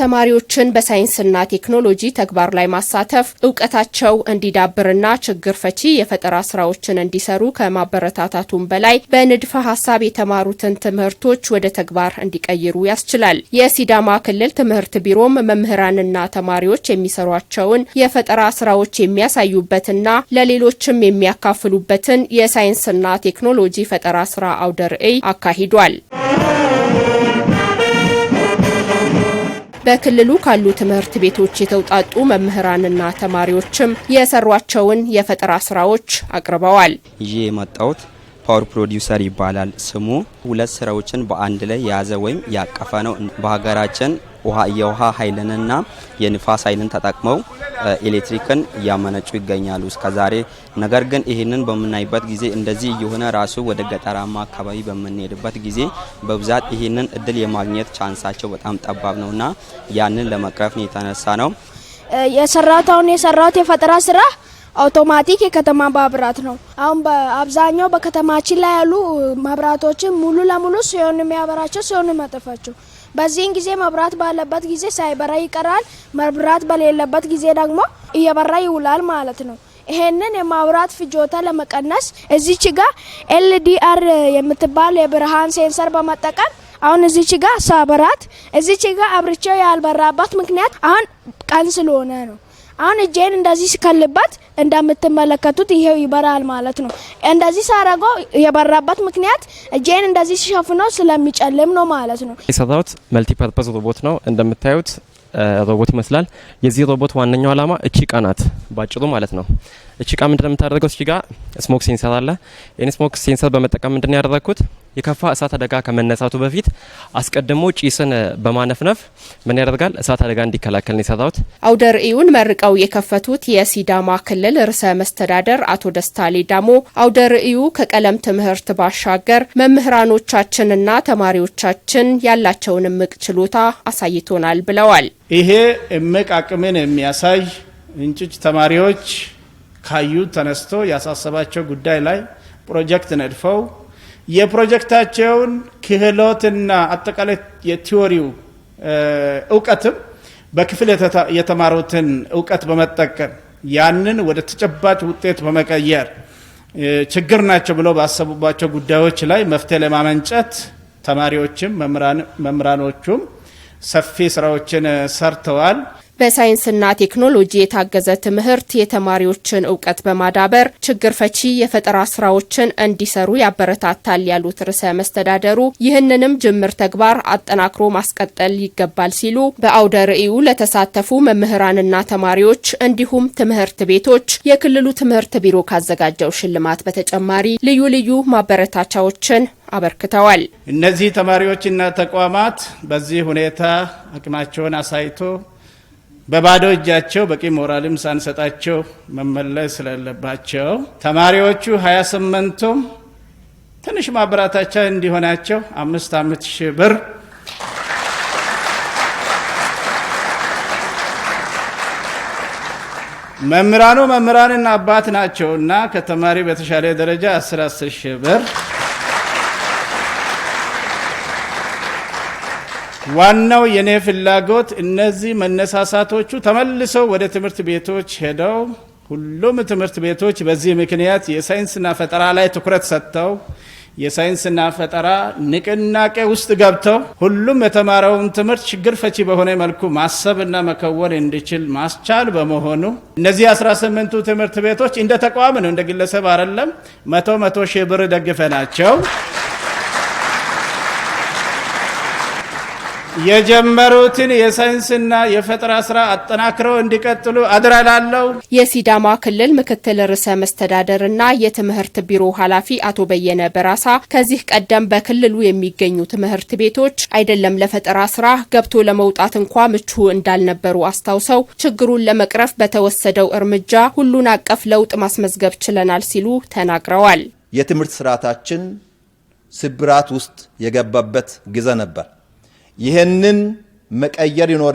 ተማሪዎችን በሳይንስና ቴክኖሎጂ ተግባር ላይ ማሳተፍ እውቀታቸው እንዲዳብርና ችግር ፈቺ የፈጠራ ስራዎችን እንዲሰሩ ከማበረታታቱም በላይ በንድፈ ሀሳብ የተማሩትን ትምህርቶች ወደ ተግባር እንዲቀይሩ ያስችላል። የሲዳማ ክልል ትምህርት ቢሮም መምህራንና ተማሪዎች የሚሰሯቸውን የፈጠራ ስራዎች የሚያሳዩበትና ለሌሎችም የሚያካፍሉበትን የሳይንስና ቴክኖሎጂ ፈጠራ ስራ አውደ ርዕይ አካሂዷል። በክልሉ ካሉ ትምህርት ቤቶች የተውጣጡ መምህራንና ተማሪዎችም የሰሯቸውን የፈጠራ ስራዎች አቅርበዋል። ይዤ የመጣሁት ፓወር ፕሮዲውሰር ይባላል ስሙ። ሁለት ስራዎችን በአንድ ላይ የያዘ ወይም ያቀፈ ነው። በሀገራችን የውሃ ኃይልንና የንፋስ ኃይልን ተጠቅመው ኤሌክትሪክን እያመነጩ ይገኛሉ እስከዛሬ። ነገር ግን ይህንን በምናይበት ጊዜ እንደዚህ እየሆነ ራሱ ወደ ገጠራማ አካባቢ በምንሄድበት ጊዜ በብዛት ይህንን እድል የማግኘት ቻንሳቸው በጣም ጠባብ ነውና ያንን ለመቅረፍ የተነሳ ነው የሰራት አሁን የሰራት የፈጠራ ስራ አውቶማቲክ የከተማ መብራት ነው። አሁን በአብዛኛው በከተማችን ላይ ያሉ መብራቶችን ሙሉ ለሙሉ ሲሆን የሚያበራቸው ሲሆን የሚያጠፋቸው በዚህን ጊዜ መብራት ባለበት ጊዜ ሳይበራ ይቀራል። መብራት በሌለበት ጊዜ ደግሞ እየበራ ይውላል ማለት ነው። ይሄንን የማብራት ፍጆታ ለመቀነስ እዚች ጋ ኤልዲአር የምትባል የብርሃን ሴንሰር በመጠቀም አሁን እዚች ጋ ሳበራት እዚች ጋ አብርቸው ያልበራባት ምክንያት አሁን ቀን ስለሆነ ነው። አሁን እጄን እንደዚህ ስከልባት እንደምትመለከቱት ይሄው ይበራል ማለት ነው። እንደዚህ ሳረጎ የበራበት ምክንያት እጄን እንደዚህ ሲሸፍነው ስለሚጨልም ነው ማለት ነው። የሰራሁት መልቲፐርፐዝ ሮቦት ነው። እንደምታዩት ሮቦት ይመስላል። የዚህ ሮቦት ዋነኛው ዓላማ እቺ ቀናት ባጭሩ ማለት ነው እቺ ቃ ምንድነው የምታደርገው? እቺ ጋ ስሞክ ሴንሰር አለ። ይህን ስሞክ ሴንሰር በመጠቀም ምንድነው ያደረግኩት? የከፋ እሳት አደጋ ከመነሳቱ በፊት አስቀድሞ ጭስን በማነፍነፍ ምን ያደርጋል? እሳት አደጋ እንዲከላከል ነው የሰራሁት። አውደ ርዕዩን መርቀው የከፈቱት የሲዳማ ክልል ርዕሰ መስተዳደር አቶ ደስታ ሌዳሞ አውደ ርዕዩ ከቀለም ትምህርት ባሻገር መምህራኖቻችንና ተማሪዎቻችን ያላቸውን እምቅ ችሎታ አሳይቶናል ብለዋል። ይሄ እምቅ አቅምን የሚያሳይ እንጭጭ ተማሪዎች ካዩ ተነስቶ ያሳሰባቸው ጉዳይ ላይ ፕሮጀክት ነድፈው የፕሮጀክታቸውን ክህሎትና አጠቃላይ የቲዎሪው እውቀትም በክፍል የተማሩትን እውቀት በመጠቀም ያንን ወደ ተጨባጭ ውጤት በመቀየር ችግር ናቸው ብለው ባሰቡባቸው ጉዳዮች ላይ መፍትሄ ለማመንጨት ተማሪዎችም መምህራኖቹም ሰፊ ስራዎችን ሰርተዋል። በሳይንስና ቴክኖሎጂ የታገዘ ትምህርት የተማሪዎችን እውቀት በማዳበር ችግር ፈቺ የፈጠራ ስራዎችን እንዲሰሩ ያበረታታል ያሉት ርዕሰ መስተዳደሩ ይህንንም ጅምር ተግባር አጠናክሮ ማስቀጠል ይገባል ሲሉ በአውደ ርዕዩ ለተሳተፉ መምህራንና ተማሪዎች እንዲሁም ትምህርት ቤቶች የክልሉ ትምህርት ቢሮ ካዘጋጀው ሽልማት በተጨማሪ ልዩ ልዩ ማበረታቻዎችን አበርክተዋል። እነዚህ ተማሪዎችና ተቋማት በዚህ ሁኔታ አቅማቸውን አሳይቶ በባዶ እጃቸው በቂ ሞራልም ሳንሰጣቸው መመለስ ስላለባቸው ተማሪዎቹ ሀያ ስምንቱም ትንሽ ማበራታቻ እንዲሆናቸው አምስት አምስት ሺህ ብር መምህራኑ መምህራንና አባት እና ከተማሪ በተሻለ ደረጃ አስር አስር ሺህ ብር ዋናው የኔ ፍላጎት እነዚህ መነሳሳቶቹ ተመልሰው ወደ ትምህርት ቤቶች ሄደው ሁሉም ትምህርት ቤቶች በዚህ ምክንያት የሳይንስና ፈጠራ ላይ ትኩረት ሰጥተው የሳይንስና ፈጠራ ንቅናቄ ውስጥ ገብተው ሁሉም የተማረውን ትምህርት ችግር ፈቺ በሆነ መልኩ ማሰብና መከወን እንዲችል ማስቻል በመሆኑ እነዚህ 18ቱ ትምህርት ቤቶች እንደ ተቋም ነው እንደ ግለሰብ አይደለም፣ መቶ መቶ ሺህ ብር ናቸው። የጀመሩትን የሳይንስና የፈጠራ ስራ አጠናክረው እንዲቀጥሉ አድራላለው። የሲዳማ ክልል ምክትል ርዕሰ መስተዳደርና የትምህርት ቢሮ ኃላፊ አቶ በየነ በራሳ ከዚህ ቀደም በክልሉ የሚገኙ ትምህርት ቤቶች አይደለም ለፈጠራ ስራ ገብቶ ለመውጣት እንኳ ምቹ እንዳልነበሩ አስታውሰው ችግሩን ለመቅረፍ በተወሰደው እርምጃ ሁሉን አቀፍ ለውጥ ማስመዝገብ ችለናል ሲሉ ተናግረዋል። የትምህርት ስርዓታችን ስብራት ውስጥ የገባበት ጊዜ ነበር። ይህንን መቀየር ይኖር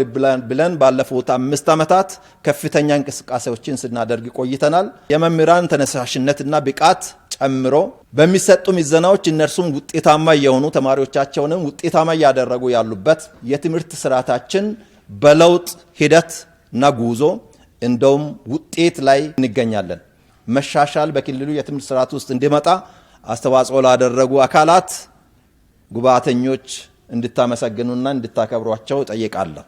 ብለን ባለፉት አምስት ዓመታት ከፍተኛ እንቅስቃሴዎችን ስናደርግ ቆይተናል። የመምህራን ተነሳሽነትና ብቃት ጨምሮ በሚሰጡ ሚዘናዎች እነርሱም ውጤታማ የሆኑ ተማሪዎቻቸውንም ውጤታማ እያደረጉ ያሉበት የትምህርት ስርዓታችን በለውጥ ሂደት ና ጉዞ እንደውም ውጤት ላይ እንገኛለን። መሻሻል በክልሉ የትምህርት ስርዓት ውስጥ እንዲመጣ አስተዋጽኦ ላደረጉ አካላት፣ ጉባተኞች እንድታመሰግኑና እንድታከብሯቸው ጠይቃለሁ።